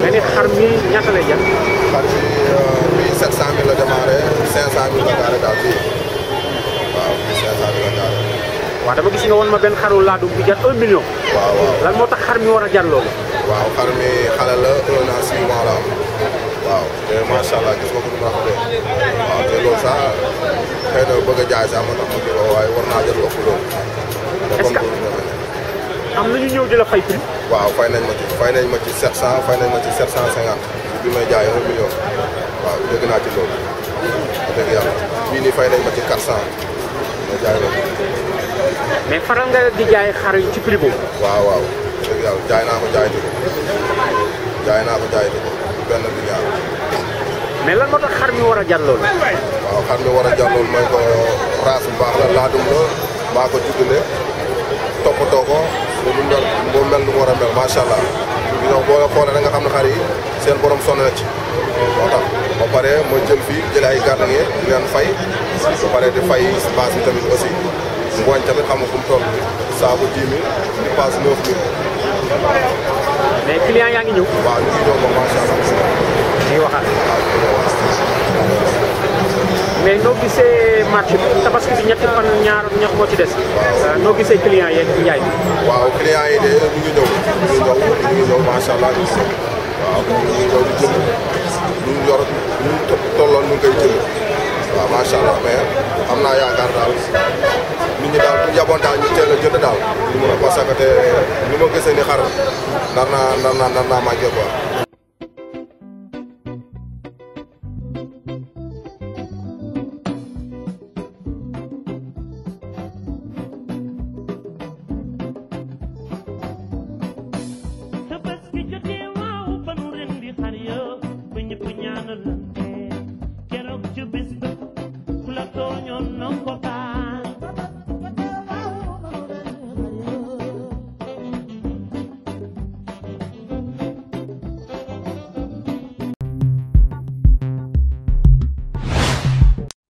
nga ne xar mi ñaata lay jar xar mi mille sept cent mille la démarré cinq cent mille la gaare daal fii waaw mille cinq cent mille la gaare waaw dama gis nga woon ma benn xaru laadum bi jar un million waaw waaw lan moo tax xar mi war a jar loolu waaw xar mi xale di waaw fay nañ ma ci fay nañ ma ci 700 fay nañ ma ci 750 bi may jaay un million waaw dégg naa ci loolu wax dëgg yàlla bii nii fay nañ ma ci 400 ma jaay loolu. mais faral nga di jaay xar yi ci prix boobu. waaw waaw dëgg yàlla jaay naa ko jaay di ko jaay naa ko jaay di ko benn bi ñaar. mais lan moo tax xar mi war a jar loolu. waaw xar mi war a jar loolu mooy ko raas bu baax la laadum la maa ko juddale toppatoo ko. ba mu mel mu mel lu mu war a mel macha allah ñoom boo xoolee da nga xam ne xar yi seen borom sonn na ci moo tax ba jël fii jëlee ay gardien di leen fay ba pare di fay base bi tamit aussi ngooñ tamit xam nga fu mu toll saabu 10 000 di passe 9 000. mais client yaa ngi ñëw. waaw ñu ngi ñëw ba macha allah. ñu ngi waxaat. mais noo gisee marché bi tabaski bi ñetti fan ñaar ñax moo ci des euh, noo gisee clients yeeg njaay bi. waaw clients yi de ñu ngi ñëw ñu ngi waaw ñu ngi yor ñu ngi tolloon ñu waaw macha allah mais am naa yaakaar daal nit ñi daal bu yaboon daal ñu teel a daal. ñu mën a parce que te ni ma gisee ni xar nar naa nar